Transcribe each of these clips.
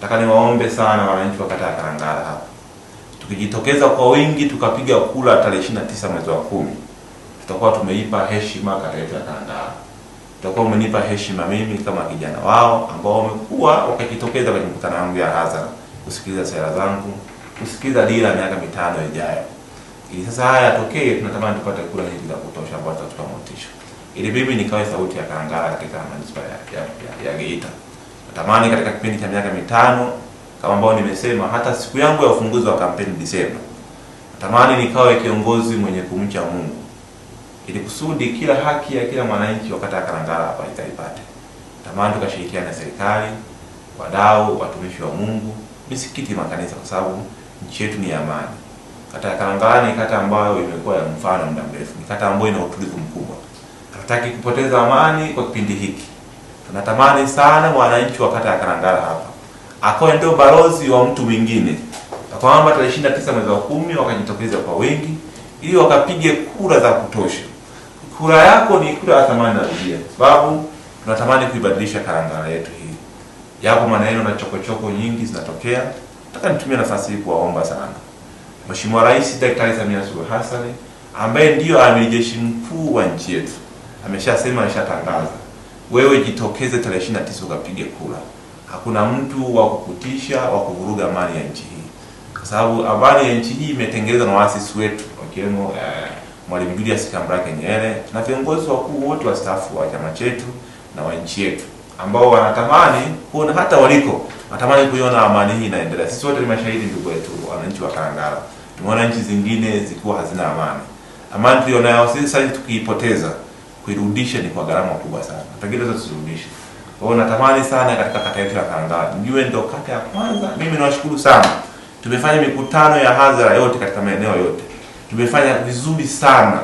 Nataka niwaombe sana wananchi wa kata ya Karangala hapa, tukijitokeza kwa wingi tukapiga kura tarehe 29 mwezi wa kumi, tutakuwa tumeipa heshima kata yetu ya Karangala, tutakuwa umenipa heshima mimi kama kijana wao ambao wamekuwa wakijitokeza kwenye mkutano wangu ya hadhara kusikiliza sera zangu, kusikiliza dira ya miaka mitano ijayo, ili sasa haya yatokee. Tunatamani tupate kura hizi za kutosha ambazo tutatupa motisha, ili mimi nikawe sauti ya Karangala katika manispaa ya, ya, ya, ya Geita. Natamani katika kipindi cha miaka mitano kama ambao nimesema, hata siku yangu ya ufunguzi wa kampeni disemba natamani nikawe kiongozi mwenye kumcha Mungu ili kusudi kila haki ya kila mwananchi wakati kata ya Kalangala hapa ikaipate. Natamani tukashirikiana na serikali, wadau, watumishi wa Mungu, misikiti, makanisa, kwa sababu nchi yetu ni amani. Kata ya Kalangala ni kata ambayo imekuwa ya mfano muda mrefu, ni kata ambayo ina utulivu mkubwa. Hatutaki kupoteza amani kwa kipindi hiki natamani sana mwananchi wa kata ya Karangala hapa akawe ndio balozi wa mtu mwingine, na kwamba tarehe ishirini na tisa mwezi wa kumi wakajitokeza kwa wingi ili wakapige kura za kutosha. Kura yako ni kura ya thamani na rudia, sababu tunatamani kuibadilisha Karangala yetu hii. Yapo maneno na chokochoko -choko nyingi zinatokea. Nataka nitumie nafasi hii kuwaomba sana Mheshimiwa Rais Daktari Samia Suluhu Hassan ambaye ndiyo amiri jeshi mkuu wa nchi yetu ameshasema, ameshatangaza wewe jitokeze tarehe 29 ukapige kura. Hakuna mtu wa kukutisha wa kuvuruga amani ya nchi hii, kwa sababu amani ya nchi hii imetengenezwa na waasisi wetu wakiwemo uh, Mwalimu Julius Kambarage Nyerere na viongozi wakuu wote wastaafu wa chama chetu na wa nchi yetu ambao wanatamani kuona hata waliko natamani kuiona amani hii inaendelea. Sisi wote ni mashahidi, ndugu wetu wananchi wa Kangara, tumeona nchi zingine zikuwa hazina amani. Amani tuliyonayo sisi sasa tukiipoteza kuirudisha ni kwa gharama kubwa sana, pengine hizo tuzirudishe. Kwa hiyo natamani sana katika kata yetu ya kangaa mjue ndo kata ya kwanza. Mimi nawashukuru sana, tumefanya mikutano ya hadhara yote katika maeneo yote, tumefanya vizuri sana,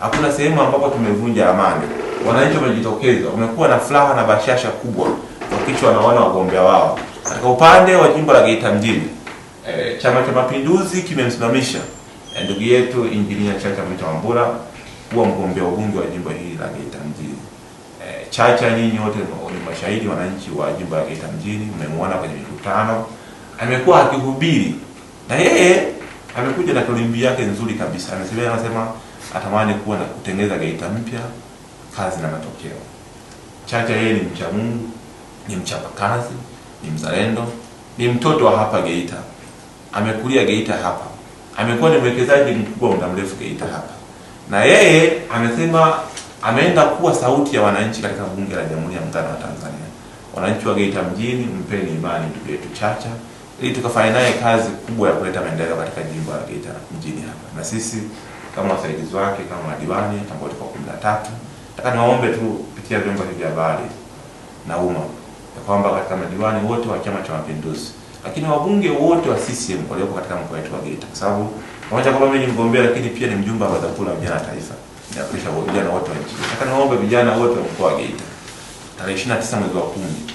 hakuna sehemu ambapo tumevunja amani. Wananchi wamejitokeza, wamekuwa na furaha na bashasha kubwa wakichwa wanaona wagombea wao. Katika upande wa jimbo la Geita mjini e, Chama cha Mapinduzi kimemsimamisha eh, ndugu yetu Injinia Chacha Mwita Wambura kuwa mgombea ubunge wa jimbo hili la Geita mjini. E, Chacha nyinyi wote ni mashahidi, wananchi wa jimbo la Geita mjini mmemwona kwenye mikutano, amekuwa akihubiri na yeye amekuja na kauli yake nzuri kabisa. anasema anasema atamani kuwa na kutengeneza Geita mpya, kazi na matokeo. Chacha yeye ni mcha Mungu, ni kazi, ni mzalendo, ni mtoto wa hapa Geita, amekulia Geita hapa, amekuwa ni mwekezaji mkubwa muda mrefu Geita hapa na yeye amesema ameenda kuwa sauti ya wananchi katika bunge la Jamhuri ya Muungano wa Tanzania. Wananchi wa Geita mjini, mpeni imani ndugu yetu Chacha ili tukafanya naye kazi kubwa ya kuleta maendeleo katika jimbo la Geita mjini hapa, na sisi kama wasaidizi wake kama madiwani ambao tuko kumi na tatu, nataka niwaombe tu kupitia vyombo hivi vya habari na umma ya kwamba katika madiwani wote wa Chama cha Mapinduzi lakini wabunge wote wa CCM waliopo katika mkoa wetu wa Geita, kwa sababu pamoja kwamba mimi ni mgombea, lakini pia ni mjumbe wa baraza kuu la vijana taifa, ninawakilisha vijana wote wa nchi. Nataka niwaombe vijana wote wa mkoa wa Geita, tarehe 29 mwezi wa 10